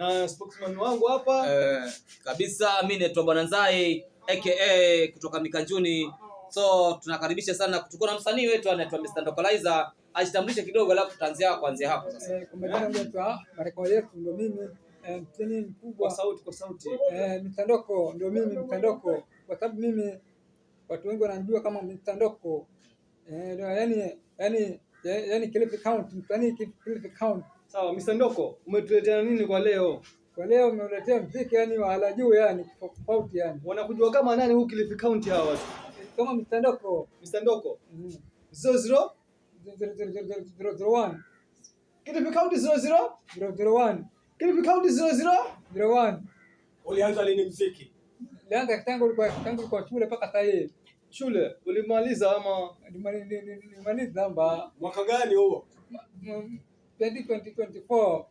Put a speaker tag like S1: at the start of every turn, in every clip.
S1: Eh, mm. wangu hapa
S2: eh, kabisa. mi naitwa Bwana Nzai aka kutoka Mikanjuni. So tunakaribisha sana, kutukua na msanii wetu anaitwa Mr. Ndokolizer ajitambulishe kidogo, alafu tutaanzia kuanzia hapo
S3: sasa. Eh, mimi Mtandoko, kwa sababu mimi watu wengi wananijua kama Mtandoko yaani yaani
S1: Sawa, Mr. Ndoko, umetuletea nini kwa leo?
S3: Kwa leo umeletea mziki yani wa hala juu yani tofauti yani.
S1: Wanakujua kama nani huyu Kilifi County hawa watu?
S3: Kama Mr. Ndoko.
S1: Mr. Ndoko. Mm-hmm. zero zero
S3: 001.
S1: Kilifi County 00
S3: 001.
S1: Kilifi County Zero one. Ulianza lini mziki?
S3: Nilianza tangu kwa tangu kwa shule mpaka sasa hivi
S1: shule ulimaliza ama
S3: nimaliza mba
S1: mwaka gani huo
S3: 2024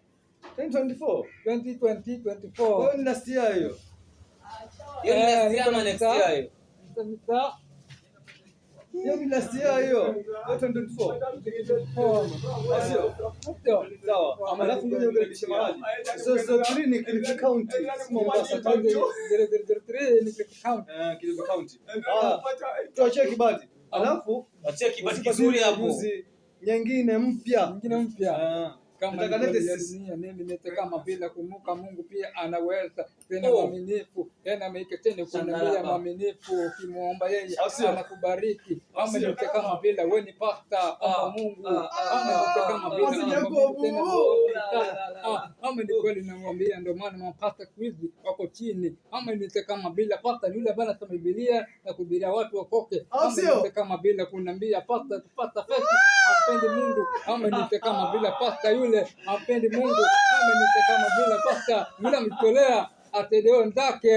S1: 2024
S3: 2024
S1: hiyo ni last year hiyo
S2: hiyo ni last year ama next year hiyo
S3: eh,
S1: hiyo last year hiyo 2024 ah, sio sawa. Alafu ngoja nirudishe mahali so so clinic ni county Mombasa
S3: county 003 ni county
S1: eh kidogo county ah tuachie kibati ah. alafu
S2: achie kibati kizuri hapo
S1: nyingine mpya
S3: nyingine mpya ah kama mimi kama bila kumuka Mungu pia anaweza tena oh. maminifu tena mike tena kunalia maminifu ukimwomba yeye anakubariki. Ama kama bila wewe ni pasta wa ah, Mungu,
S1: ama kama bila tena
S3: ama ni kweli namwambia, ndio maana mapasta kwizi wako chini. Ama kama bila pasta yule bana soma Biblia na kubiria watu wakoke,
S1: ama
S3: kama bila kunambia pasta tupata pesa hapendi Mungu, amenipe kama vile pasta yule hapendi Mungu, amenipe kama vile pasta yule ametolea atendee wenzake,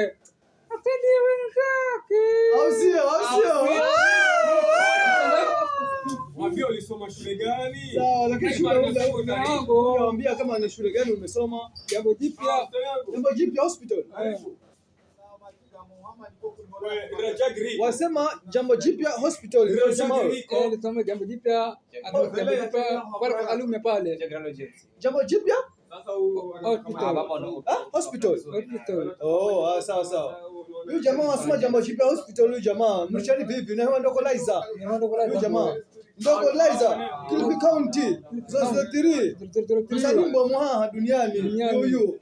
S3: atendee wenzake,
S1: au sio? Au sio? Mwambie ulisoma shule gani?
S3: Sawa, lakini shule unaambia kama ni shule gani umesoma, jambo jipya, jambo jipya hospital eh wasema jambo jipya hospital eh, jambo jipya alume pale
S1: jambo jipya Huyu jamaa wasema jambo jipya hospital. Huyu jamaa mrishani vipi? na huyu jamaa Kilifi County tiri mwaha duniani huyu